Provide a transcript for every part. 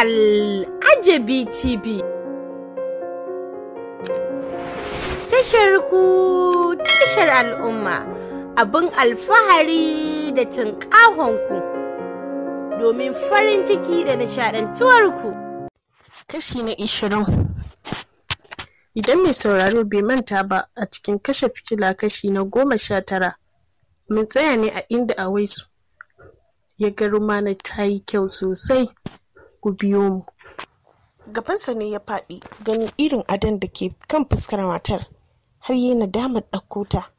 Al'ajabi TV. Tashar ku tashar al'umma abin alfahari da cin ku domin farin ciki da ku. Kashi na ishirin Idan mai sauraro bai manta ba a cikin kashe fitila kashi na goma sha tara, mun tsaya ne a inda awaisu ya ga rumana ta yi kyau sosai. ku biyo mu gabansa ne ya faɗi ganin irin adon da ke kan fuskar matar har yi nadamar ɗauko ta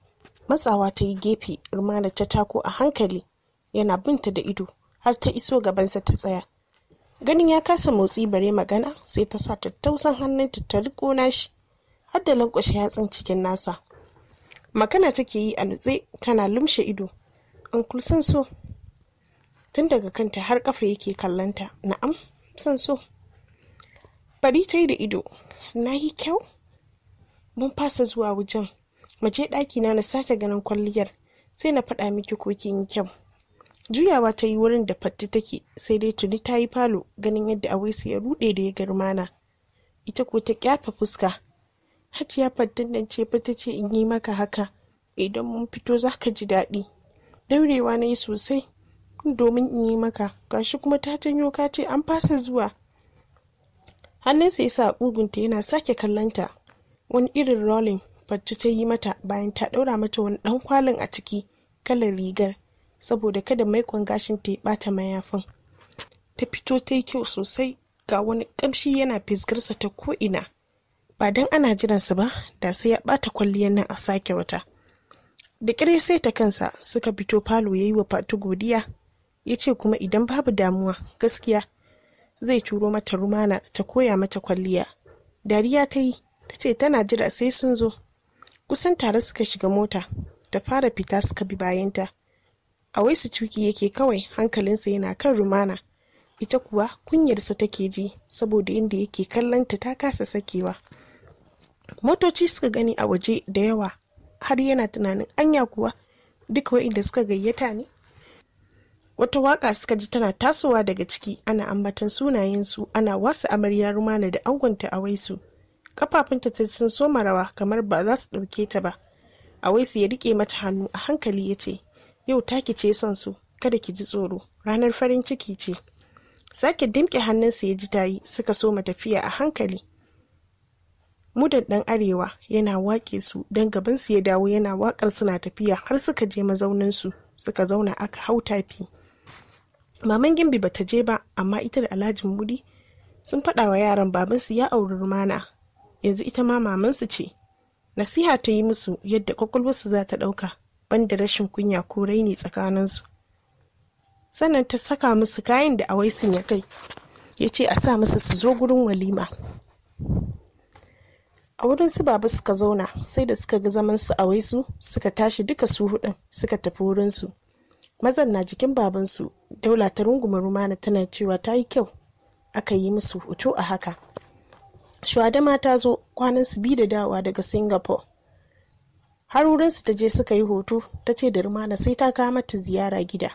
matsawa ta yi gefe rumana ta tako a hankali yana binta da ido har ta iso gabansa ta tsaya ganin ya kasa motsi bare magana sai ta sa tattausan hannunta ta riko nashi har da lankwashe yatsun cikin nasa magana take yi a nutse tana lumshe ido an kulsan so tun daga kanta har kafa yake kallanta na'am son so bari ta yi da ido na yi kyau mun fasa zuwa wajen mace ɗaki na na sake ganin kwalliyar sai na faɗa miki ko kin yi kyau juyawa ta yi wurin da fatti take sai dai tuni ta yi falo ganin yadda a awaisu ya rude da ya garmana ita ko ta kyafa fuska ya fattin nan ce ta ce in yi maka haka idan mun fito za ka ji daɗi daurewa na yi sosai domin in yi maka gashi kuma ta janyo ka ce an fasa zuwa hannunsa yasa ugunta yana sake kallonta wani irin rolling fatu ta yi mata bayan ta ɗaura mata wani ɗan kwalin a ciki kalar rigar saboda kada maikon gashin ta ya ɓata mayafin ta fito ta yi kyau sosai ga wani ƙamshi yana fisgarsa ta ko'ina ba don ana jiransa ba da sai ya ɓata kwalliyar nan a sake wata da ƙire sai ta kansa suka fito falo ya yi wa fatu godiya ya ce kuma idan babu damuwa gaskiya zai turo mata rumana ta koya mata kwalliya dariya ta yi ta ce tana jira sai sun zo kusan tare suka shiga mota ta fara fita suka bi bayanta a wai su tuki yake kawai hankalinsa yana kan rumana ita kuwa kunyarsa take ji saboda inda yake kallonta ta kasa sakewa motoci suka gani a waje da yawa har yana tunanin anya kuwa duk inda suka gayyata ne wata waka suka ji tana tasowa daga ciki ana ambatan sunayensu ana wasu amarya rumana da angonta a waisu kafafunta ta sun soma rawa kamar ba za su ɗauke ta ba a waisu ya rike mata hannu a hankali ya ce yau taki ce son su kada ki ji tsoro ranar farin ciki ce sake dimke hannunsa ya ji tayi suka soma tafiya a hankali mudan ɗan arewa yana waƙe su don gabansu ya dawo yana waƙar suna tafiya har suka je mazauninsu suka zauna aka hau tafi maman gimbi ba ta je ba amma ita da alhaji mudi sun faɗa wa yaran babansu ya auri rumana yanzu ita ma mamansu ce nasiha ta yi musu yadda kwakwalwarsu za ta ɗauka banda rashin kunya ko raini tsakaninsu sannan ta saka musu kayan da awai sun ya kai ya ce a sa musu su zo gurin walima a wurin su baba suka zauna sai da suka ga zaman su awaisu suka tashi duka su hudun suka tafi wurin su mazan na jikin babansu daula ta runguma rumana tana cewa ta yi kyau aka yi musu hoto a haka shuadama ta zo kwanan su bi da dawa daga singapore har wurinsu ta je suka yi hoto ta ce da rumana sai ta kawo mata ziyara gida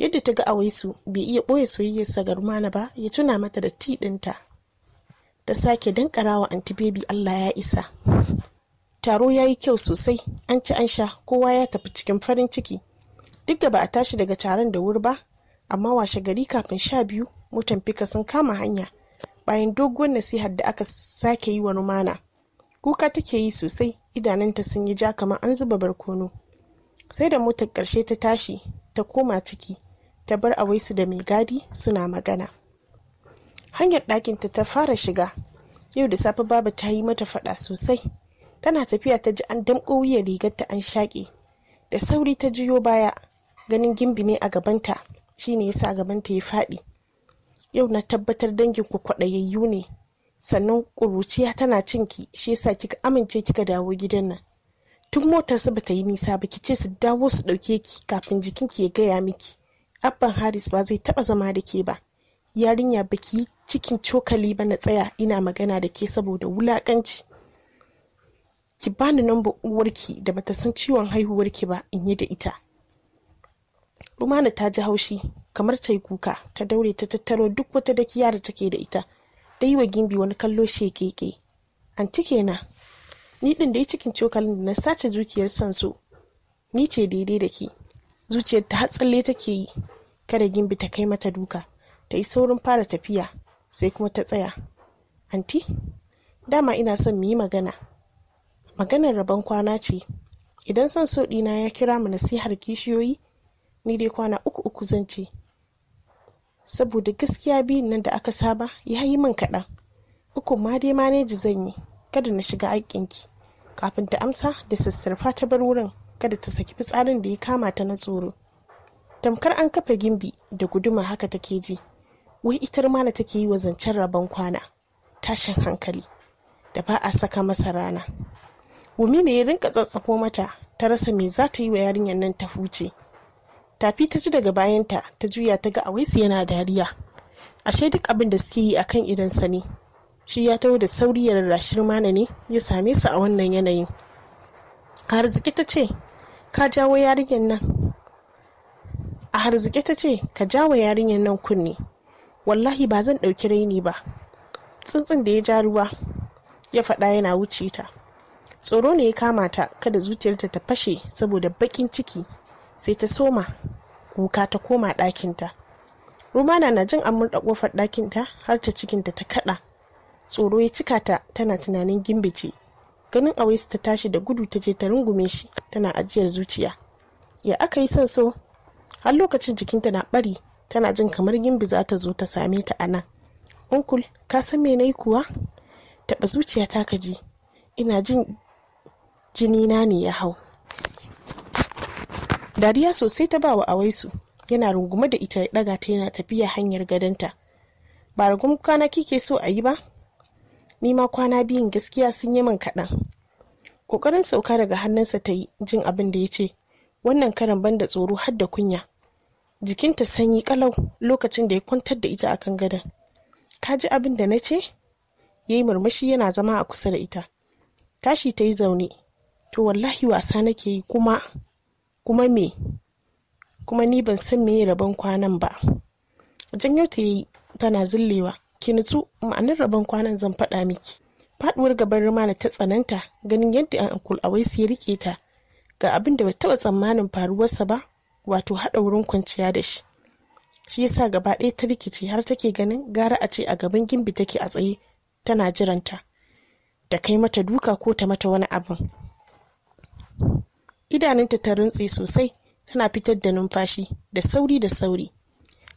yadda ta ga awaisu bai iya ɓoye soyayyarsa ga rumana ba ya tuna mata da ti ɗinta ta sake dankarawa anti baby allah ya isa taro ya yi kyau sosai an ci an sha kowa ya tafi cikin farin ciki duk da ba a tashi daga taron da wuri ba amma washe gari kafin sha biyu mutan fika sun kama hanya bayan doguwar nasihar da aka sake yi wa rumana kuka take yi sosai idanunta sun yi ja kamar an zuba barkono sai da motar ƙarshe ta tashi ta koma ciki ta bar su da mai gadi suna magana hanyar ɗakinta ta fara shiga yau da safe baba ta yi mata faɗa sosai tana tafiya ta ji an damƙo wuyar ta an shaƙe da sauri ta juyo baya ganin gimbi ne a gabanta shi ne ya sa gabanta ya faɗi yau na tabbatar dangin ku kwaɗayayyu ne sannan ƙuruciya tana cinki shi yasa kika amince kika dawo gidan nan tun motar su bata yi nisa ba ki ce su dawo su ɗauke ki kafin jikin ki ya gaya miki abban haris ba zai taɓa zama da ke ba yarinya ki yi cikin cokali ba na tsaya ina magana da ke saboda wulaƙanci ki bani namba uwarki da bata san ciwon haihuwarki ba in yi da ita rumana ta ji haushi kamar ta yi kuka ta daure ta tattaro duk wata dakiya da take da ita ta yi wa gimbi wani kallo shekeke anti kenan ni din da yi cikin cokalin da na sace zuciyar son su ni ce daidai da ke zuciyar ta hatsalle take yi kada gimbi ta kai mata duka ta yi saurin fara tafiya sai kuma ta tsaya anti dama ina son mu yi magana maganar rabon kwana ce idan son so ɗina ya kira mu nasihar kishiyoyi ni dai kwana uku uku zan ce saboda gaskiya biyun nan da aka saba ya yi min kaɗan uku ma dai maneji zan yi kada na shiga aikinki kafin ta amsa da sassarfa ta bar wurin kada ta saki fitsarin da ya kama ta na tsoro tamkar an kafa gimbi da guduma haka take ji wai itar mana take yi wa zancen rabon kwana tashin hankali da ba a saka masa rana gumi ne ya rinka tsatsafo mata ta rasa me za ta yi wa yarinyar nan ta huce tafi ta ji daga bayanta ta juya ta ga awaisu yana dariya ashe duk abin da suke yi akan idansa ne shi ya taho da sauri ya rarrashi mana ne ya same su a wannan yanayin a harziki ta ce ka jawo yarinyar nan a harziki ta ce ka jawo yarinyar nan kunne wallahi ba zan ɗauki raini ba tsuntsun da ya ja ruwa ya faɗa yana wuce ta tsoro ne ya kama ta kada zuciyarta ta fashe saboda baƙin ciki sai ta soma kuka ta koma ɗakinta rumana na jin an murɗa ƙofar ɗakinta har ta cikinta ta kaɗa tsoro ya cika ta tana tunanin gimbe ce ganin awaisu ta tashi da gudu ta je ta rungume shi tana ajiyar zuciya ya aka yi son so har lokacin jikinta na ɓari tana jin kamar gimbi za ta zo ta same ta a nan unkul ka san me na yi kuwa taɓa zuciya ta ka kaji ina jin jini na ne ya hau dariya sosai ta bawa awaisu yana rungume da ita daga ta yana tafiya hanyar gadonta ba rugum kwana kike so a yi ba ni ma kwana biyun gaskiya sun yi min kaɗan ƙoƙarin sauka daga hannunsa ta yi jin abin da ya ce wannan karan ban da tsoro har da kunya jikinta sanyi kalau lokacin da ya kwantar da ita akan gadon ka ji abin da na ce ya yi murmushi yana zama a kusa da ita tashi ta yi zaune to wallahi wasa nake yi kuma kuma me kuma ni ban san meye rabon kwanan ba yau ta yi tana zillewa ki nutsu ma'anar rabon kwanan zan faɗa miki faɗuwar gaban rumana ta tsananta ganin yadda an a awaisu ya rike ta ga abin da bai taɓa tsammanin faruwarsa ba wato haɗa wurin kwanciya da shi shi yasa gaba ɗaya ta rikice har take ganin gara a ce a gaban gimbi take a tsaye tana jiranta da kai mata duka ko ta mata wani abin idanunta ta runtse sosai tana fitar da numfashi da sauri da sauri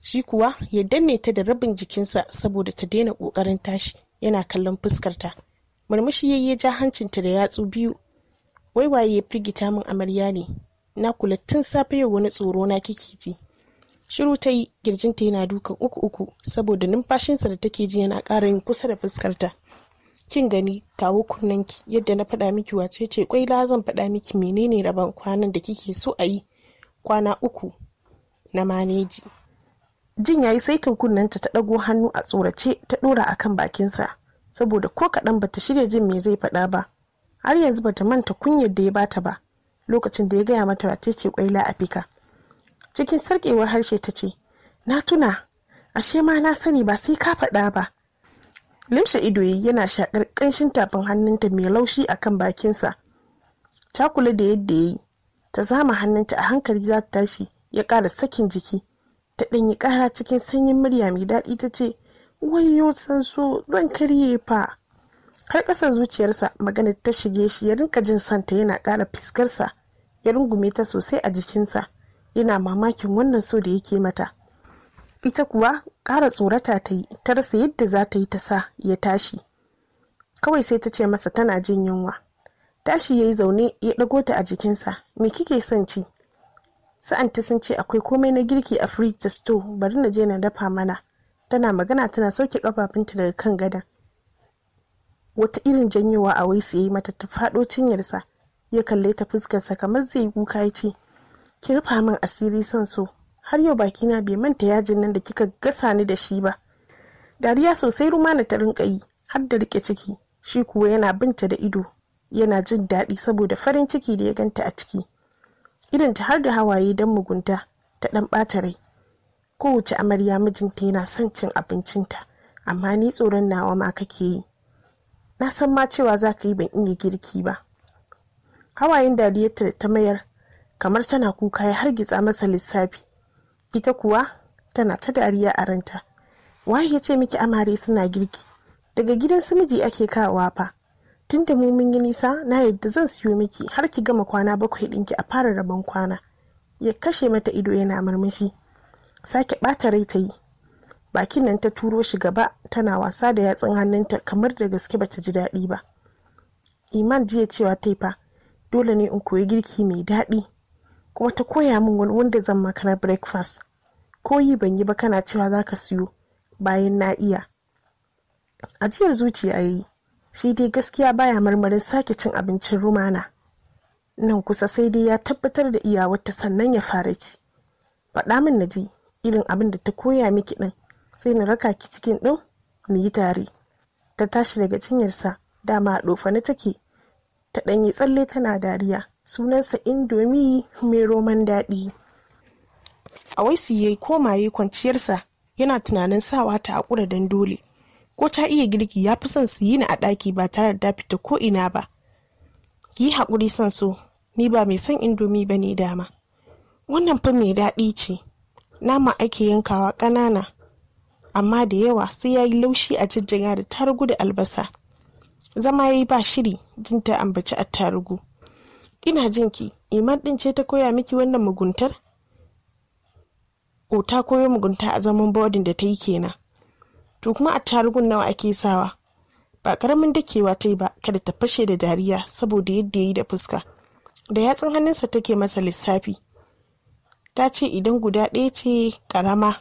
shi kuwa ya danne ta da rabin jikinsa saboda ta daina kokarin tashi yana kallon fuskarta murmushi ya yi ja hancinta da yatsu biyu wai waye ya firgita min amarya ne na kula tun safe yau wani tsoro na kike ji shiru ta yi girjinta yana duka uku uku saboda numfashinsa da take ji yana ƙara yin kusa da fuskarta kin gani kawo ki yadda na faɗa miki wace ce kwaila zan faɗa miki menene rabon kwanan da kike so a yi kwana uku na maneji jin yayi sai kunnanta ta ɗago hannu a tsorace ta ɗora a kan bakinsa saboda ko kaɗan bata shirya jin me zai faɗa ba har yanzu bata manta kunyar da ya bata ba lokacin da ya gaya mata wace ce kwaila a fika cikin sarkewar harshe ta ce na tuna ashe ma na sani ba sai ka faɗa ba limsa ido yana shaƙar ƙanshin tafin hannunta mai laushi a kan bakinsa ta kula da yadda ya yi ta zama hannunta a hankali za ta tashi ya ƙara sakin jiki ta ɗanyi ƙara cikin sanyin murya mai daɗi ta ce wayo so zan karye fa har ƙasar zuciyarsa magana ta shige shi ya rinka jin santa yana ƙara fiskarsa ya rungume ta sosai a jikinsa yana mamakin wannan so da yake mata ita kuwa ƙara tsorata ta yi ta rasa yadda za ta yi ta sa ya tashi kawai sai ta ce masa tana jin yunwa tashi ya yi zaune ya ɗago ta a jikinsa me kike son ci sa'anta sun ce akwai komai na girki a fridge da store bari na je na dafa mana tana magana tana sauke kafafunta daga kan gadon wata irin janyewa a wai ya yi mata ta faɗo cinyarsa ya kalle ta fuskarsa kamar zai yi kuka ya ce ki rufa min asiri son so har yau bakina bai manta yajin nan da kika gasa ni da shi ba dariya sosai rumana ta rinka yi har da rike ciki shi kuwa yana binta da ido yana jin daɗi saboda farin ciki da ya ganta a ciki idan ta har da hawaye don mugunta ta ɗan ɓata rai kowace amarya mijinta yana son cin abincinta amma ni tsoron nawa ma kake yi na san ma cewa za ka yi ban iya girki ba hawayen dariyarta da ta mayar kamar tana kuka ya hargitsa masa lissafi ita kuwa tana ta dariya a ranta waye ya ce miki amare suna girki daga gidan su miji ake kawo fa tun da mu mun yi nisa na yadda zan siyo miki har ki gama kwana bakwai ɗinki a fara rabon kwana ya kashe mata ido yana murmushi sake ɓata rai ta yi bakin nan ta turo shi gaba tana wasa da yatsun hannunta kamar da gaske bata ji daɗi ba iman jiya cewa taifa dole ne in koyi girki mai daɗi kuma ta koya min wani wanda zan maka na breakfast ko yi ban yi ba kana cewa za ka siyo bayan na iya ajiyar zuciya yi shi dai gaskiya baya marmarin sake cin abincin rumana nan kusa sai dai ya tabbatar da iya iyawarta sannan ya fara ci faɗa min na ji irin abin da ta koya miki ɗin sai na raka ki cikin ɗin mu yi tare ta tashi daga cinyarsa dama a ɗofa na take ta ɗanyi tsalle tana dariya sunansa indomi mai roman daɗi a waisu ya koma ya kwanciyarsa yana tunanin sawa ta haƙura don dole ko ta iya girki ya fi son su yi ni a ɗaki ba tare da fita ko ina ba ki yi haƙuri son so ni ba mai son indomi ba ne dama wannan fa mai daɗi ce nama ake yankawa ƙanana amma da yawa sai ya yi laushi a jijjiga da tarugu da albasa zama ya yi ba shiri jinta ambaci a tarugu. ina jin ki iman din ce ta koya miki wannan muguntar o ta koyo mugunta a zaman bodin da ta yi kenan to kuma a tarugun nawa ake sawa ba karamin dakewa ta yi ba kada ta fashe da dariya saboda yadda ya yi da fuska da yatsun hannunsa take masa lissafi ta ce idan guda ɗaya ce karama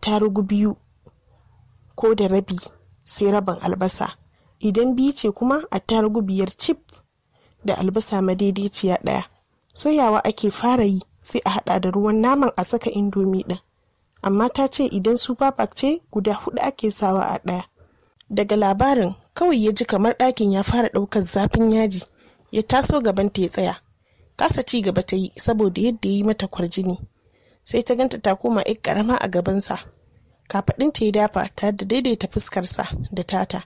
tarugu biyu ko da rabi sai rabin albasa idan biyu ce kuma a tarugu biyar cif da albasa madaidaiciya ɗaya soyawa ake fara yi sai a haɗa da ruwan naman a saka indomi ɗin amma ta ce idan su babak ce guda hudu ake sawa a ɗaya daga labarin kawai ya ji kamar ɗakin ya fara ɗaukar zafin yaji ya taso gaban ta ya tsaya kasa ci gaba ta yi saboda yadda ya yi mata kwarjini sai ta ganta ta koma yar karama a gabansa kafaɗinta ya dafa ta da daidaita fuskarsa da tata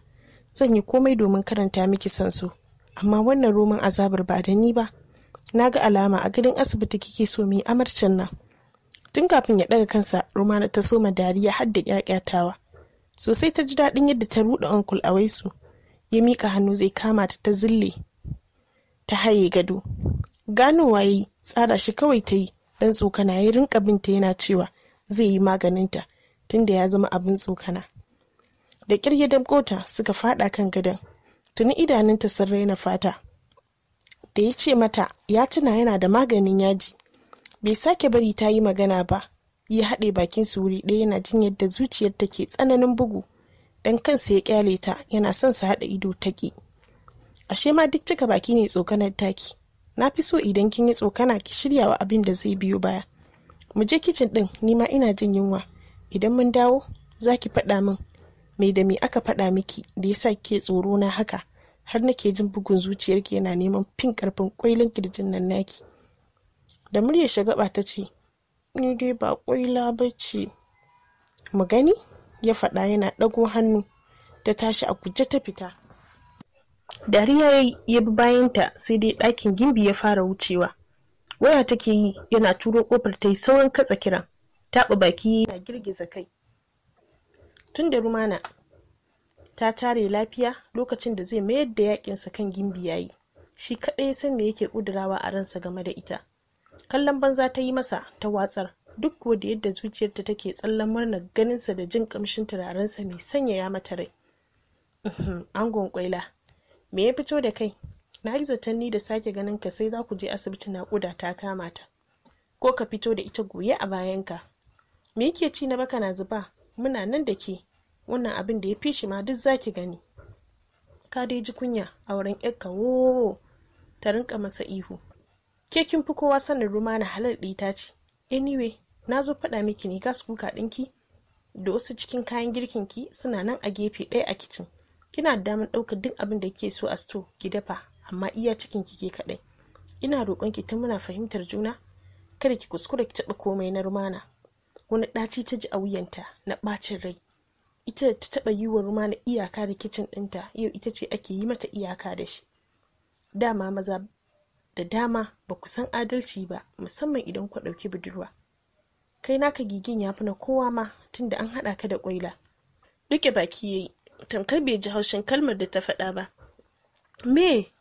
zan yi komai domin karanta miki son su. amma wannan roman azabar ba da ni ba na ga alama a gidan asibiti kike so mu yi amarcin nan tun kafin ya ɗaga kansa romana ta soma dariya har da ƙyaƙyatawa sosai ta ji daɗin yadda ta ruɗe onkul a waisu ya mika hannu zai kama ta ta zille ta haye gado gano waye tsara shi kawai ta yi don tsokana ya rinka binta yana cewa zai yi maganinta tunda ya zama abin tsokana da ƙyar ya suka faɗa kan gadon tuni idanunta sun raina fata da ya ce mata ya tuna yana da maganin yaji bai sake bari ta yi magana ba ya haɗe bakin su wuri ɗaya yana jin yadda zuciyar ta ke tsananin bugu dan kansa ya kyale ta yana son su haɗa ido ta taƙi ashe ma duk cika baki ne tsokanar taki na fi so idan kin yi tsokana ki shirya wa abin da zai biyo baya mu je kicin ɗin nima ina jin yunwa idan mun dawo za ki faɗa min me da me aka faɗa miki da ya sa ke tsoro na haka har nake jin bugun zuciyarki yana neman fin karfin kwailin kirjin nan naki da murya shagaba ta ce ni dai ba kwaila ba ce mu gani ya faɗa yana ɗago hannu ta tashi a guje ta fita dariya ya bi bayanta sai dai ɗakin gimbi ya fara wucewa waya take yi yana turo kofar ta yi sauran katsa kiran taɓa baki yana girgiza kai tun da rumana ta tare lafiya lokacin da zai mayar da yakinsa kan gimbi yayi shi kaɗai ya san me yake ƙudurawa a ransa game da ita kallon banza ta yi masa ta watsar duk kuwa da yadda zuciyarta take tsallan murnar ganinsa da jin ƙamshin turarensa mai sanyaya mata rai uhm, angon kwaila me ya fito da kai na yi zaton ni da sake ganin ka sai za ku je asibiti naƙuda ta kama ta ko ka fito da ita goye a bayanka me yake ci na baka na zuba muna nan da ke wannan abin da ya fi shi ma duk zaki gani ka dai ji kunya a wurin yakka wo ta rinka masa ihu ke kin fi kowa sanin rumana halal ɗita ce anyway na zo faɗa miki ne gas kuka ɗinki da wasu cikin kayan girkin ki suna nan a gefe ɗaya a kicin kina da damar ɗaukar duk abin da kike so a sto ki dafa amma iya cikin ki ke kaɗai ina roƙon ki tun muna fahimtar juna kada ki kuskura ki taɓa komai na rumana wani ɗaci ta ji a wuyanta na ɓacin rai ita da ta taɓa yi wa rumana iyaka da kicin ɗinta yau ita ce ake yi mata iyaka da shi dama maza da dama ba ku san adalci ba musamman idan ku ɗauki budurwa kai naka gigin ya fi na kowa ma tunda an haɗa ka da kwaila. duke baki yayi tamkar bai ji haushin kalmar da ta faɗa ba me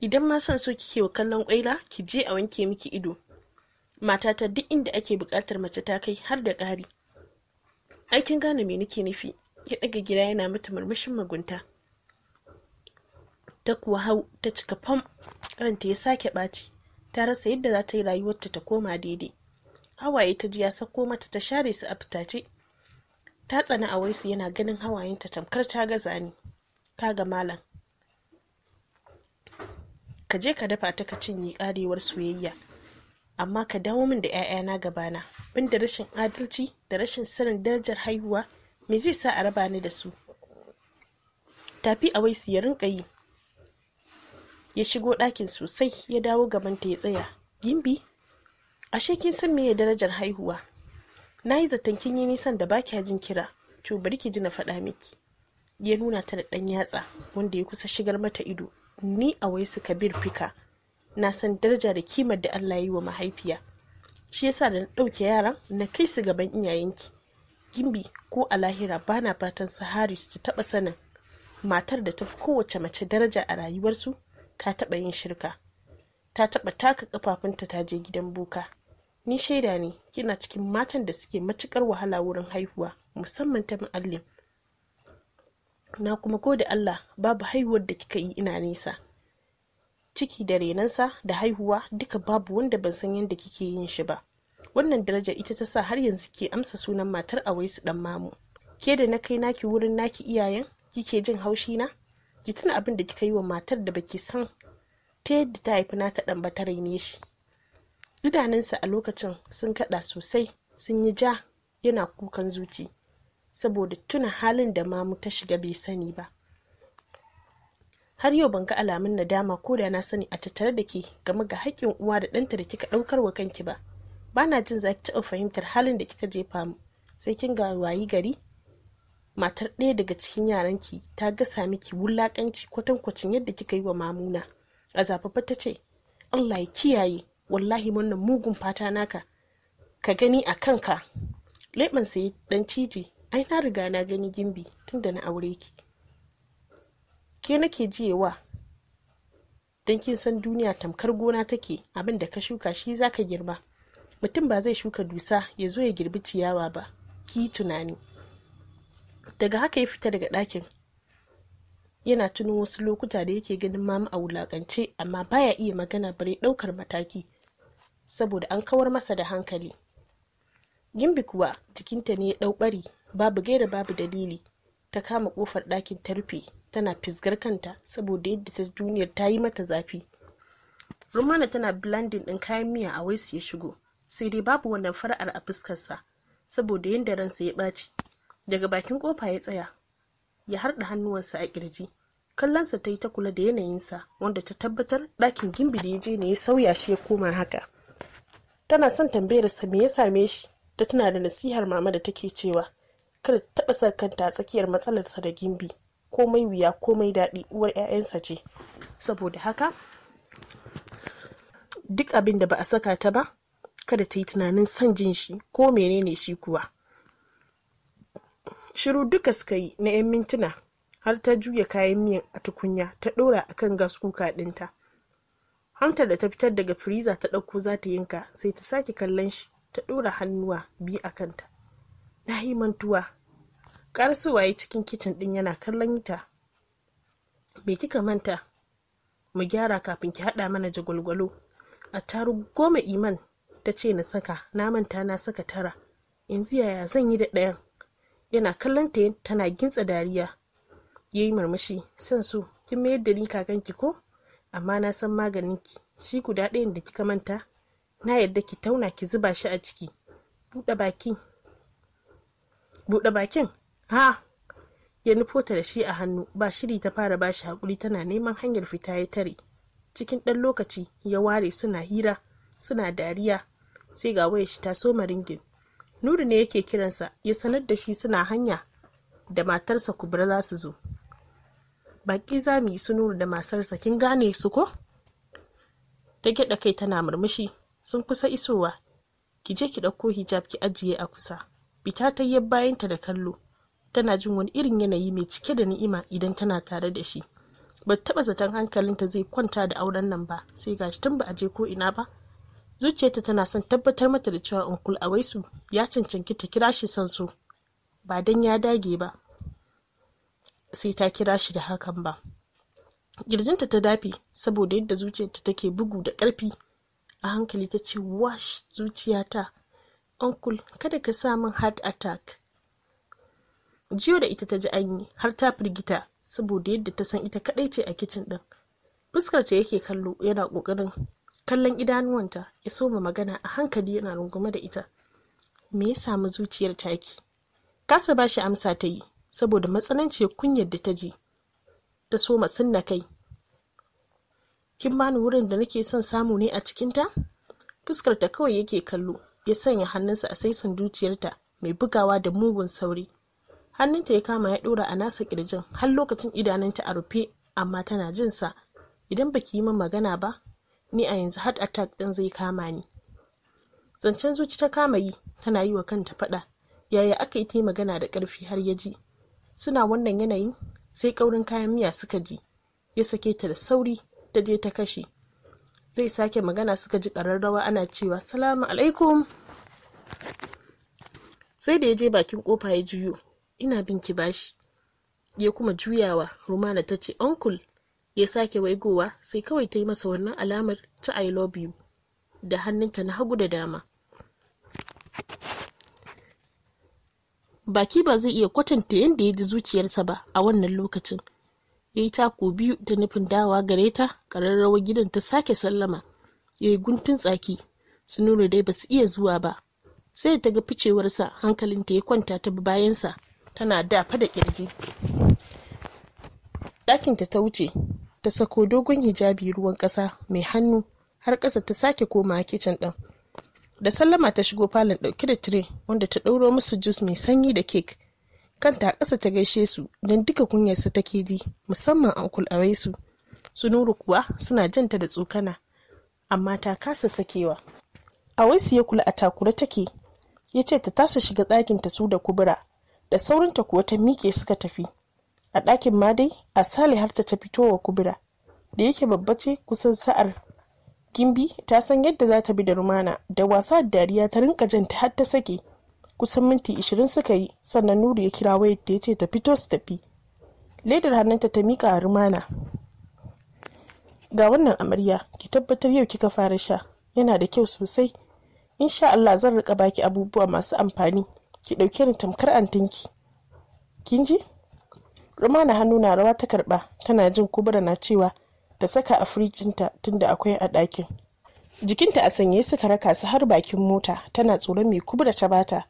idan ma son so kike wa kallon kwaila, ki je a wanke miki ido matata duk inda ake buƙatar mace ta kai har da ƙari Aikin gane me nake nufi ya ɗaga gida yana mata murmushin magunta ta kuwa hau ta cika fam ranta ya sake ɓaci ta rasa yadda za ta yi rayuwarta ta koma daidai hawaye ta ji ya sako mata ta share su a fitace ta tsani a waisu yana ganin hawayenta tamkar ta gaza ne ga malam ka je ka dafa ta ka cinye ƙarewar soyayya amma ka dawo min da 'ya'yana gabana bin da rashin adalci da rashin sanin darajar haihuwa me zai sa a raba ni da su tafi a waisu ya rinka yi ya shigo ɗakin sosai ya dawo gabanta ya tsaya gimbi ashe kin san me ya darajar haihuwa na yi zaton kin yi nisan da ba kya jin kira to bari ki ji na faɗa miki ya nuna ta da ɗan yatsa wanda ya kusa shigar mata ido ni a waisu kabir fika na san daraja da kimar da Allah yi wa mahaifiya shi yasa da na ɗauke yaran na kai su gaban iyayenki gimbi ko a lahira bana fatan su haris ta taɓa sanin matar da ta fi kowace mace daraja a rayuwarsu ta taɓa yin shirka ta taɓa taka ƙafafunta ta je gidan boka ni shaida ne kina cikin matan da suke matukar wahala wurin haihuwa musamman ta mu'allim na kuma gode Allah babu haihuwar da kika yi ina nesa ciki da renansa da haihuwa duka babu wanda ban san yadda kike yin shi ba wannan daraja ita ta sa har yanzu ke amsa sunan matar a waisu dan mamu ke da na kai naki wurin naki iyayen kike jin haushi na ki tuna abin da kika yi wa matar da baki san ta yadda ta haifi nata dan ba ta raine shi idanunsa a lokacin sun kada sosai sun yi ja yana kukan zuci saboda tuna halin da mamu ta shiga bai sani ba har yau ban ga alamun nadama ko da na sani a tattare da ke game ga haƙƙin uwa da ɗanta da kika ɗaukar wa kanki ba ba na jin za ki taɓa fahimtar halin da kika jefa mu sai kin ga wayi gari matar ɗaya daga cikin yaranki ta gasa miki wulaƙanci kwatankwacin yadda kika yi wa mamuna a zafafa ta ce allah ya kiyaye wallahi wannan mugun fata naka ka gani a kanka leɓansa ya ɗan ciji ai na riga na gani gimbi tunda na aure ki ke nake jiyewa don kin san duniya tamkar gona take abin da ka shuka shi za ka girma mutum ba zai shuka dusa ya zo ya girbi ciyawa ba ki tunani daga haka ya fita daga ɗakin yana tuno wasu lokuta da yake ganin mamu a wulakance amma baya iya magana bare ɗaukar mataki saboda an kawar masa da hankali gimbi kuwa jikinta ne ya ɗau bari babu gaira babu dalili ta kama ƙofar ɗakin ta rufe tana fisgar kanta saboda yadda ta duniyar ta yi mata zafi rumana tana blandin ɗin kayan miya a waisu ya shigo sai dai babu wannan fara'ar a fuskarsa saboda yadda ransa ya ɓaci daga bakin kofa ya tsaya ya harɗa hannuwansa a kirji kallonsa ta yi ta kula da yanayinsa wanda ta tabbatar ɗakin gimbi da ya je ne ya sauya shi ya koma haka tana son tambayarsa me ya same shi ta tana da nasihar mama da take cewa kada ta taɓa sa kanta a tsakiyar matsalarsa da gimbi komai wuya komai daɗi uwar 'ya'yansa ce saboda haka duk abin da ba a saka ta ba kada ta yi tunanin son jin shi ko menene shi kuwa shiru duka suka yi na 'yan mintuna har ta juya kayan miyan a tukunya ta ɗora a kan gas kuka ɗinta Hantar da ta fitar daga firiza ta ɗauko za ta yinka sai ta sake kallon shi ta ɗora hannuwa biyu a kanta na yi mantuwa karasuwa waye cikin kicin din yana kallon ita me kika manta mu gyara kafin ki haɗa mana jagwalgwalo a taru goma iman ta ce na saka na manta na saka tara yanzu yaya zan yi da ɗayan yana kallon ta tana gintsa dariya ya yi murmushi san su kin mayar da ni kakanki ko amma na san ki shi guda ɗayan da kika manta na yadda ki tauna ki zuba shi a ciki buɗe bakin, buɗe bakin ha ya nufo ta da shi a hannu ba shiri ta fara bashi hakuri tana neman hanyar fita ya tare cikin ɗan lokaci ya ware suna hira suna dariya sai ga waya shi ta soma ringin nuru ne yake kiransa ya sanar da shi suna hanya da matarsa kubra za su zo baki za mu yi su nuru da masarsa kin gane su ko ta gyaɗa kai tana murmushi sun kusa isowa ki je ki ɗauko hijab ki ajiye a kusa Bita ta yi bayanta da kallo tana jin wani irin yanayi mai cike da ni'ima idan tana tare da shi ba taba zaton hankalinta zai kwanta da auren nan ba sai gashi tun ba a je ko ina ba zuciyarta tana son tabbatar mata da cewa unkul awaisu ya cancanci ta kira shi son su ba dan ya dage ba sai ta kira shi da hakan ba girjinta ta dafe saboda yadda zuciyarta take bugu da karfi a hankali ta ce wash zuciyata uncle kada ka sa min heart attack jiyo da ita ta ji anyi har ta firgita saboda yadda ta san ita kadai ce a kicin din fuskar ta yake kallo yana kokarin kallon idanuwanta ya soma magana a hankali yana rungume da ita me ya samu zuciyar taki kasa ba shi amsa ta yi saboda matsananci kunyar da ta ji ta soma sunna kai kin bani wurin da nake son samu ne a cikinta fuskar ta kawai yake kallo ya sanya hannunsa a saisan zuciyarta mai bugawa da mugun sauri hannunta ya kama ya ɗora a nasa ƙirjin har lokacin idanunta a rufe amma tana jin sa idan baki yi min magana ba ni a yanzu heart attack ɗin zai kama ni zancen zuci ta kama yi tana yi wa kanta faɗa yaya aka yi ta magana da ƙarfi har ya ji suna wannan yanayin sai ƙaurin kayan miya suka ji ya sake ta da sauri ta je ta kashe zai sake magana suka ji ƙararrawa ana cewa salamu alaikum sai da ya je bakin kofa ya juyo ina bin ki bashi ya kuma juyawa rumana ta ce uncle ya sake waigowa sai kawai ta yi masa wannan alamar ta i love you da hannunta na hagu da dama baki ba zai iya kwatanta yadda ya ji zuciyarsa ba a wannan lokacin ya yi taku biyu da nufin dawa gare ta ƙararrawar gidan ta sake sallama ya yi guntun tsaki su nuna dai ba su iya zuwa ba sai da ta ga ficewarsa hankalinta ya kwanta ta bayansa tana dafa da kirji ɗakinta ta wuce ta sako dogon hijabi ruwan ƙasa mai hannu har ƙasa ta sake komawa kicin ɗin da sallama ta shigo falon ɗauke da tire wanda ta ɗauro musu jus mai sanyi da kek kanta a ƙasa ta gaishe su don duka kunyarsa ke ji musamman an kulawai su su nuru kuwa suna janta da tsokana amma ta kasa sakewa a wasu ya kula a takura take ya ce ta tasa shiga ɗakinta su da kubura da saurinta kuwa ta mike suka tafi a ɗakin ma dai a sale har ta ta wa kubura da yake babba ce kusan sa'ar gimbi ta san yadda za ta bi da rumana da wasa da dariya ta rinka janta har ta sake kusan minti ishirin suka yi sannan nuru ya kira wayar da ya ce ta fito su tafi ledar hannunta ta mika a rumana ga wannan amarya ki tabbatar yau kika fara sha yana da kyau sosai insha Allah zan rika baki abubuwa masu amfani ki ɗauke ni tamkar antinki kin ji rumana hannu na rawa ta karɓa tana jin kubura na cewa ta saka a firijinta tunda akwai a ɗakin jikinta a sanye suka raka su har bakin mota tana tsoron mai kubura ta bata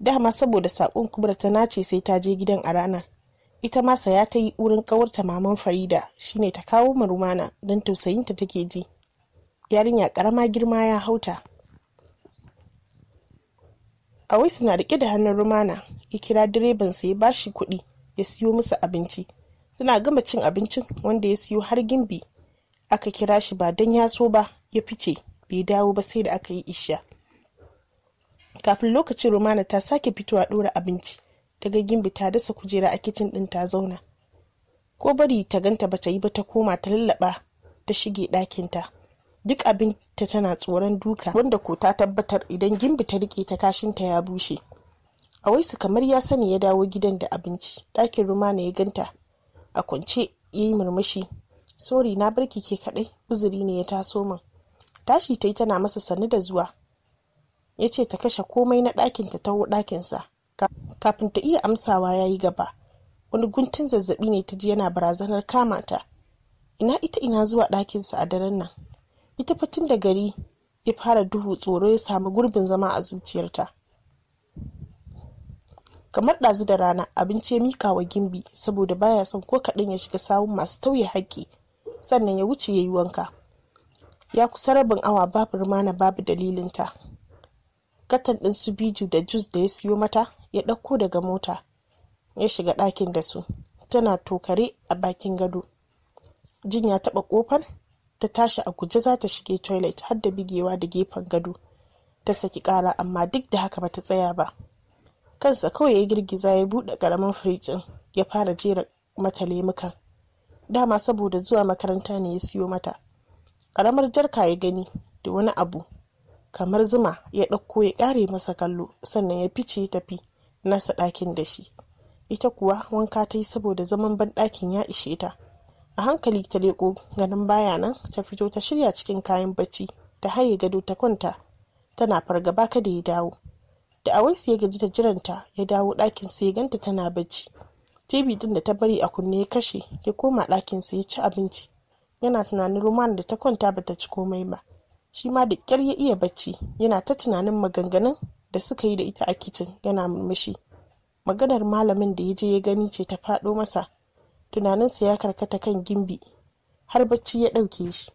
dama saboda saƙon kubura ta nace sai ta je gidan a rana, ita ma saya ta yi wurin kawarta maman farida shine ta kawo ma rumana don tausayinta take ji yarinya ƙarama girma ya hauta awaisu na rike da hannun rumana ya kira direban sa ya bashi kuɗi ya siyo musu abinci suna gama cin abincin wanda ya siyo har gimbi aka kira shi ba don ya so ba ya fice bai dawo ba sai da aka yi isha kafin lokacin rumana ta sake fitowa ɗora abinci ta ga gimbi ta dasa kujera a kicin ɗin ta zauna ko bari ta ganta bata yi ba ta koma ta lallaɓa ta shige ɗakinta duk abin ta tana tsoron duka wanda ko ta tabbatar idan gimbi ta rike ta kashin ta ya bushe a waisu kamar ya sani ya dawo gidan da abinci ɗakin rumana ya ganta a kwance ya yi murmushi sori na barki ke kaɗai uzuri ne ya taso min tashi ta yi tana masa sannu da zuwa ya ce ta kashe komai na ɗakin ta taho ɗakinsa kafin ta iya amsawa ya yi gaba wani guntun zazzabi ne ta ji yana barazanar kama ta ina ita ina zuwa ɗakinsa a daren nan ita fatin da gari ya fara duhu tsoro ya samu gurbin zama a zuciyarta kamar ɗazu da rana abinci ya mika wa gimbi saboda baya son ko kaɗan ya shiga sawun masu tauye haƙƙi sannan ya wuce ya yi wanka ya kusa rabin awa babu rumana babu dalilinta katan ɗin su biju da jus da ya siyo mata ya ɗauko daga mota ya shiga ɗakin da su tana tokare a bakin gado jin ya taɓa ƙofar ta tashi a guje za ta shige toilet har da bigewa da gefen gado ta saki kara amma duk da haka bata tsaya ba kansa kawai ya girgiza ya buɗe ƙaramin firijin ya fara jera mata lemukan dama saboda zuwa makaranta ne ya siyo mata ƙaramar jarka ya gani da wani abu kamar zuma ya ɗauko ya ƙare masa kallo sannan ya fice tafi nasa ɗakin da shi ita kuwa wanka ta yi saboda zaman banɗakin ya ishe ta a hankali ta leko ganin baya nan ta fito ta shirya cikin kayan bacci ta haye gado ta kwanta tana fargaba kada ya dawo da su ya gaji ta jiranta ya dawo ɗakin sai ganta tana bacci tv din da ta bari a kunne ya kashe ya koma ɗakin sa ya ci abinci yana tunanin roman da ta kwanta ba ta ci komai ba shi ma da ƙyar ya iya bacci yana ta tunanin maganganun da suka yi da ita a kicin yana murmushi maganar malamin da ya je ya gani ce ta faɗo masa tunaninsa ya karkata kan gimbi har bacci ya ɗauke shi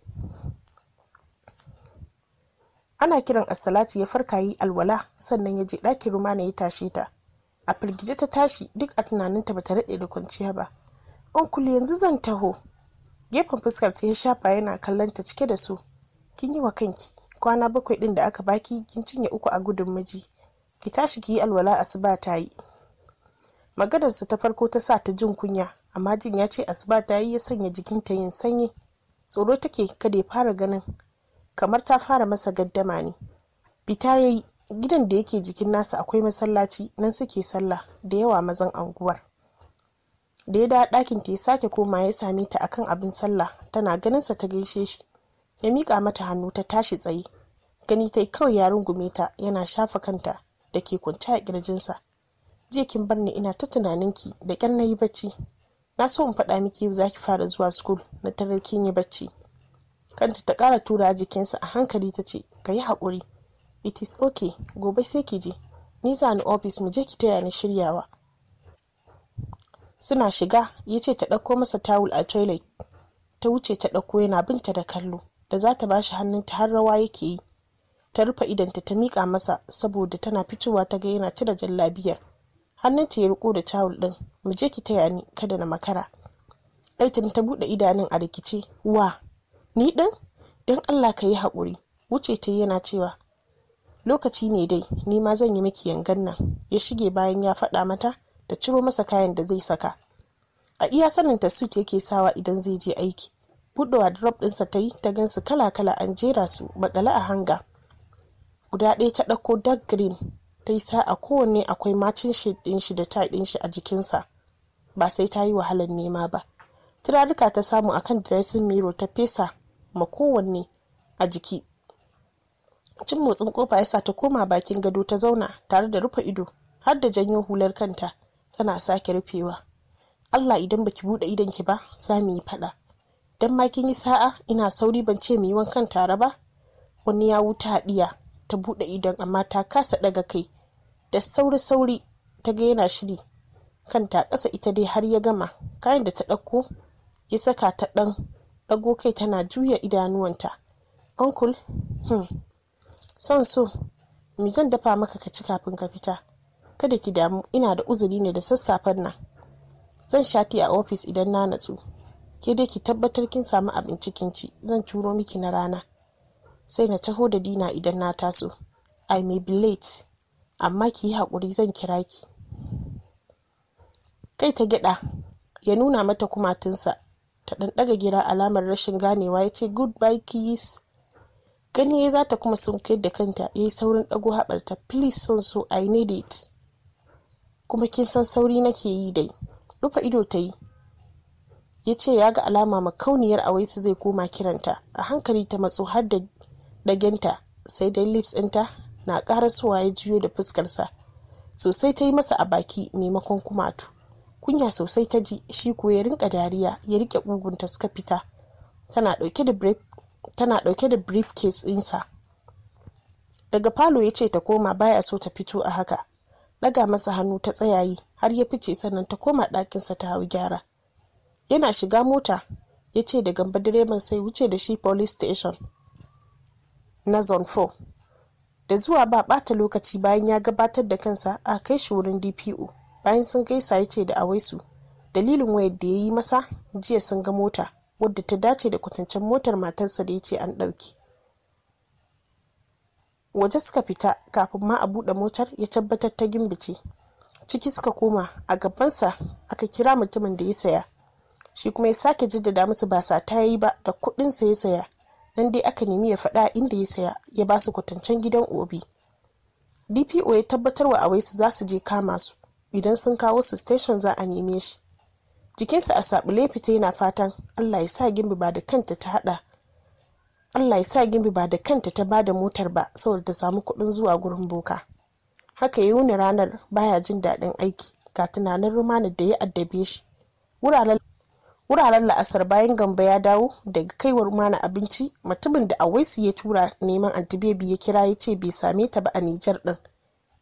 ana kiran assalati ya farka yi alwala sannan ya je ɗakin rumana ya tashe ta a firgice ta tashi duk a tunaninta ba ta daɗe da kwanciya ba onkul yanzu zan taho gefen fuskar ta ya shafa yana kallon ta cike da su kin yi wa kanki kwana bakwai ɗin da aka baki kin cinye uku a gudun miji ki tashi ki yi alwala asuba ta yi maganarsa ta farko ta sa ta jin kunya amma jin ya ce asuba ta yi ya sanya jikinta yin sanyi tsoro take kada ya fara ganin kamar ta fara masa gaddama ne bita ya yi gidan da yake jikin nasa akwai masallaci nan suke sallah da yawa mazan anguwar da ya da ɗakin ta ya sake koma ya same ta akan abin sallah tana ganinsa ta gaishe shi ya miƙa mata hannu ta tashi tsaye gani ta kawai ya rungume ta yana shafa kanta da ke kwance a ƙirjinsa jiya kin bar ni ina ta tunaninki da ƙyar na yi bacci na so in faɗa miki za ki fara zuwa school na tarar kin yi bacci kanta ta ƙara tura jikinsa a hankali ta ce ka yi haƙuri it is okay gobe sai ki je ni za ni ofis mu je ki taya ni shiryawa suna shiga ya ce ta ɗauko masa tawul a toilet ta wuce ta ɗauko yana binta da kallo da za ta bashi hannunta har rawa yake yi ta rufe idanta ta miƙa masa saboda tana fitowa ta ga yana cire jallabiyar hannunta ya riko da tawul ɗin mu je ki taya ni kada na makara aitin ta buɗe idanun a rikice wa ni ɗin dan allah ka yi haƙuri wuce ta yana cewa lokaci ne dai ni ma zan yi miki yangan nan ya shige bayan ya faɗa mata da ciro masa kayan da zai saka a iya sanin ta suit yake sawa idan zai je aiki buɗe wardrobe ɗinsa ta yi ta gansu kala-kala an jera su maƙale a hanga guda ɗaya ta ɗauko dark green ta a sa'a kowanne akwai macin shi din shi da ta din shi a jikinsa ba sai ta yi wahalar nema ba turaruka ta samu akan dressing mirror ta fesa ma kowanne a jiki cin motsin kofa yasa ta koma bakin gado ta zauna tare da rufe ido har da janyo hular kanta tana sake rufewa allah idan baki buɗe ki ba za mu yi fada. dan ma kin yi sa'a ina sauri ban ce mu yi wankan tare ba wani ya wuta haɗiya ta bude idon amma ta kasa daga kai da sauri-sauri ta ga yana shiri kanta ƙasa ita dai har ya gama kayan da ta ɗauko ya saka ta ɗan ɗago kai tana juya idanuwanta uncle hmm. son so me zan dafa maka ka ci kafin ka fita kada ki damu ina da uzuri ne da sassafen nan zan shati a ofis idan na natsu ke dai ki tabbatar kin samu abin cikin ci zan turo miki na rana sai na taho da dina idan na taso i may be late amma ki yi haƙuri zan kira ki kai ta gyaɗa ya nuna mata kumatunsa ta ɗanɗaga ɗaga gira alamar rashin ganewa ya ce goodbye kiss gani ya za ta kuma sunkuyar da kanta ya yi saurin ɗago haɓarta please son so i need it kuma kin san sauri nake yi dai rufe ido ta yi ya ce ya ga alama makauniyar awaisu zai koma kiranta a hankali ta matso har da ɗagenta sai dai lips ɗinta na ƙarasowa ya juyo da fuskarsa sosai ta yi masa a baki maimakon kumatu kunya sosai ta ji shi ko ya rinka dariya ya rike ƙugunta suka fita tana ɗauke da briefcase ɗinsa daga falo ya ce ta koma baya so ta fito a haka ɗaga masa hannu ta tsayayi har ya fice sannan ta koma ɗakinsa ta hau gyara yana shiga mota ya ce da gamba direban sai wuce da shi police station na zone 4 da zuwa ba bata lokaci bayan ya gabatar da kansa a kai shi wurin dpo bayan sun gaisa ya ce da awaisu dalilin wayar da ya yi masa jiya sun ga mota wadda ta dace da kwatancen motar matarsa da ya ce an ɗauki waje suka fita kafin ma a buɗe motar ya tabbatar ta gimbice ciki suka koma a gabansa aka kira mutumin da ya saya shi kuma ya sake jaddada musu ba sa ta yi ba da kuɗinsa ya saya nan dai aka nemi ya faɗa inda ya saya ya ba su kwatancen gidan obi dpo ya tabbatar tabbatarwa awaisu za su je kama su idan sun kawo su station za a neme shi jikinsa a sabule fita yana fatan allah ya sa gimbi ba da kanta ta hada allah ya sa gimbi ba da kanta ta bada motar ba saboda ta samu kuɗin zuwa gurin boka haka ya yi wuni ranar baya jin daɗin aiki ga tunanin rumanin da ya addabe shi wuraren wuraren la'asar bayan gamba ya dawo daga kaiwar mana abinci mutumin da awaisu ya tura neman antibabi ya kira ya ce bai same ta ba a nijar din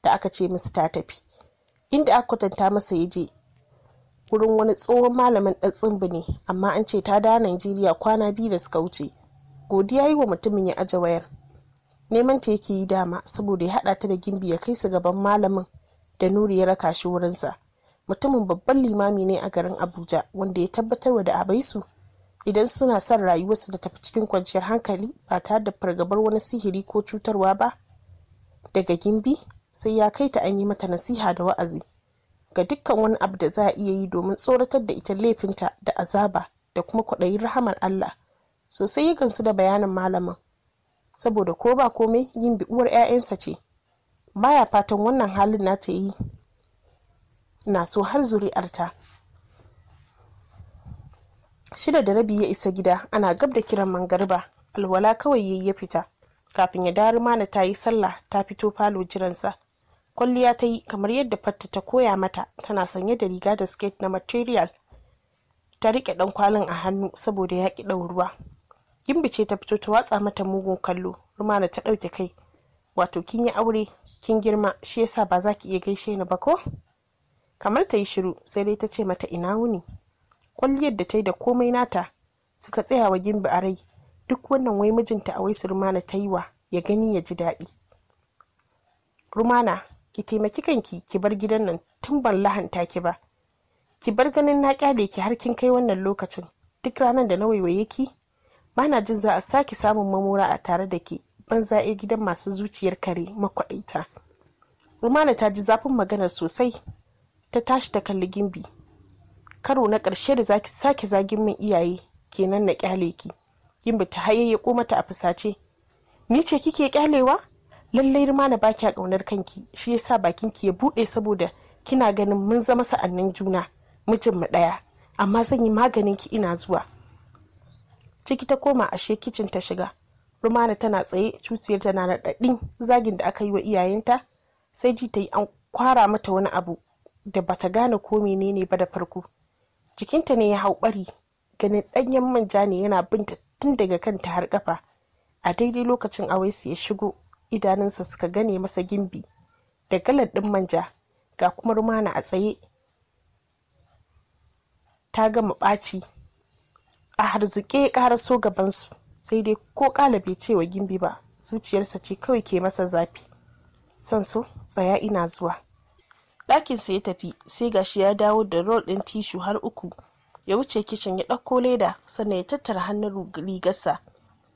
da aka ce masu ta tafi inda aka kwatanta masa ya je wurin wani tsohon malamin ɗan ne amma an ce ta da najeriya kwana biyu da suka wuce godiya yi wa mutumin ya aje wayar neman ta yake yi dama saboda ya haɗa ta da gimbi ya kai su gaban malamin da nuri ya raka shi wurinsa mutumin babban limami ne a garin abuja wanda ya tabbatarwa da abaisu idan suna son rayuwarsu da tafi cikin kwanciyar hankali ba tare da fargabar wani sihiri ko cutarwa ba daga gimbi sai ya kai ta an yi mata nasiha da wa'azi ga dukkan wani abu da za a iya yi domin tsoratar da ita laifinta da azaba da kuma kwaɗayin rahamar allah sosai ya gansu da bayanin malamin saboda ko ba komai yin bi'uwar 'ya'yansa ce baya fatan wannan halin na ta yi na so har zuri'arta shida da rabi ya isa gida ana gab da kiran mangarba alwala kawai yayi ya fita kafin ya dari mana ta yi sallah ta fito falo jiransa kwalliya ta yi kamar yadda fatta ta koya mata tana sanye da riga da skate na material ta riƙe ɗan kwalin a hannu saboda ya ƙi ruwa gimbice ta fito ta watsa mata mugun kallo rumana ta ɗauke kai wato kin yi aure kin girma shi yasa ba za ki iya gaishe ni ba ko kamar ta yi shiru sai dai ta ce mata ina wuni kwalliyar da ta yi da komai nata suka tsaya wa gimbi a rai duk wannan wai mijinta a waisu rumana ta yi wa ya gani ya ji daɗi rumana ki taimaki kanki ki bar gidan nan tun ban lahanta ki ba ki bar ganin na kyale ki har kin kai wannan lokacin duk ranar da na waiwaye ki ba na jin za a sake samun mamura a tare da ke ban za'ir gidan masu zuciyar kare makwaɗaita rumana ta ji zafin maganar sosai ta tashi ta kalli gimbi karo na ƙarshe da zaki sake zagin min iyaye kenan na kyale ki gimbi ta hayayya ko mata a fusace ni ce kike kyalewa lallai ma na baki a ƙaunar kanki shi yasa bakin ki ya bude saboda kina ganin mun zama sa'annin juna mijin mu ɗaya amma zan yi maganin ki ina zuwa ciki ta koma ashe kicin ta shiga rumana tana tsaye cuciyar tana naɗaɗɗin zagin da aka yi wa iyayenta sai ji ta yi an kwara mata wani abu da bata gane ko menene ba da farko jikinta ne ya hau bari ganin danyen manja ne yana binta tun daga kanta har kafa a daidai lokacin awaisu ya shigo idanunsa suka gane masa gimbi da galar ɗin manja ga kuma rumana a tsaye ta gama ɓaci a harzuke ƙaraso gabansu sai dai ko ƙalabe cewa gimbi ba zuciyarsa ce kawai ke masa zafi son so tsaya ina zuwa ɗakinsa ya tafi sai gashi ya dawo da roll ɗin tishu har uku ya wuce kicin ya ɗauko leda sannan ya tattara hannun rigarsa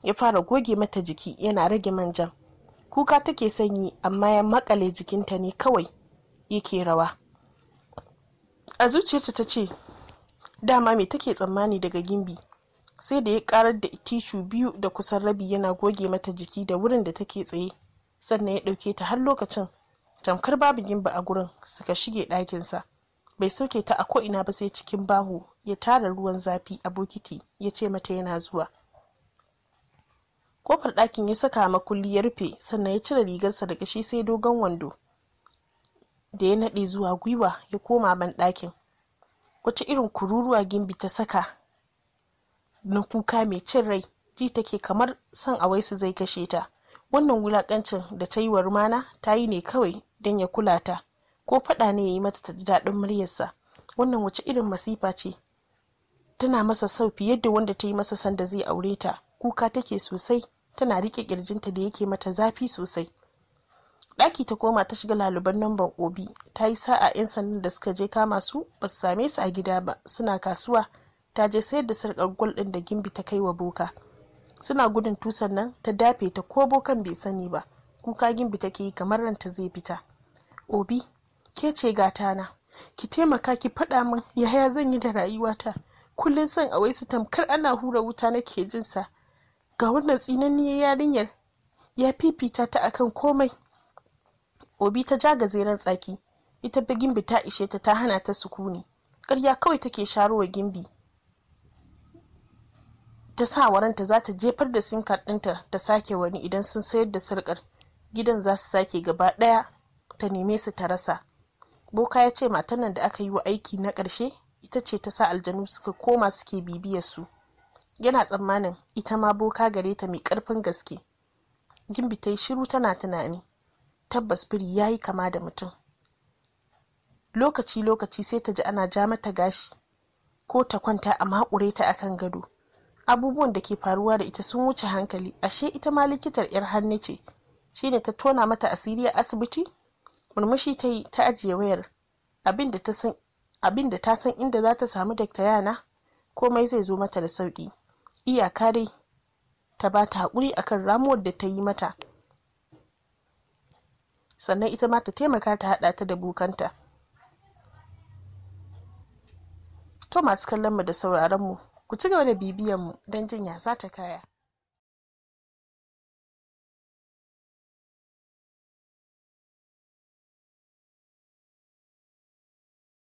ya fara goge mata jiki yana rage manjan kuka take sanyi amma ya makale jikinta ne kawai yake rawa a zuciyarta ta ce dama mai take tsammani daga gimbi sai da ya karar da tishu biyu da kusan rabi yana goge mata jiki da wurin da take tsaye sannan ya ɗauke ta har lokacin tamkar babu gimba a gurin suka shige ɗakinsa bai sauke ta a ko'ina ba sai cikin baho ya tara ruwan zafi a bokiti ya ce mata yana zuwa kofar ɗakin ya saka makulli ya rufe sannan ya cire rigarsa daga shi sai dogon wando da ya naɗe zuwa gwiwa ya koma ban ɗakin wata irin kururuwa gimbi ta saka na kuka mai cin rai ji take kamar son awaisu zai kashe ta wannan wulakancin da ta yi wa rumana ta yi ne kawai don ya kula ta ko faɗa ne ya yi mata ta ji daɗin muryarsa wannan wace irin masifa ce tana masa sau fiye da wanda ta yi masa sanda zai aure ta kuka take sosai tana riƙe ƙirjinta da yake mata zafi sosai ɗaki ta koma ta shiga laluban namban obi ta yi sa'a 'yan sandan da suka je kama su ba su same su a gida ba suna kasuwa ta je sayar da sarƙar gwal ɗin da gimbi ta kai wa boka suna gudun tusan nan ta dafe ta ko bokan bai sani ba kuka gimbi take yi kamar ranta zai fita obi ke ce na ki taimaka ki faɗa min yaya zan yi da rayuwata kullum son a su tamkar ana hura wuta na jin sa ga wannan tsinanniyar yarinyar ya fifita ta akan komai obi ta ja zeren tsaki ita ba gimbi ta ishe ta ta hana ta sukuni ƙarya kawai take sharowa gimbi ta sa waranta za ta jefar da sim card ɗinta ta sake wani idan sun sayar da sarƙar gidan za su sake gaba ɗaya ta neme su ta rasa boka ya ce matan nan da aka yi wa aiki na ƙarshe ita ce ta sa aljanu suka koma suke bibiyar su yana tsammanin ita ma boka gare ta mai ƙarfin gaske gimbi ta yi shiru tana tunani tabbas biri ya yi kama da mutum lokaci-lokaci sai ta ji ana ja mata gashi ko ta kwanta a makure ta akan gado abubuwan da ke faruwa da ita sun wuce hankali ashe ita ma likitar yar hannu ce shine ta tona mata asiri a asibiti murmushi ta yi ta ajiye wayar abin da ta san inda za ta samu dakta yana komai zai zo mata da sauki iyaka dai ta ba ta haƙuri akan ramuwar da ta yi mata sannan ita ma ta taimaka ta haɗa ta da bukanta to masu kallon mu da sauraron mu ku ci gaba da bibiyan mu don jin ya za ta kaya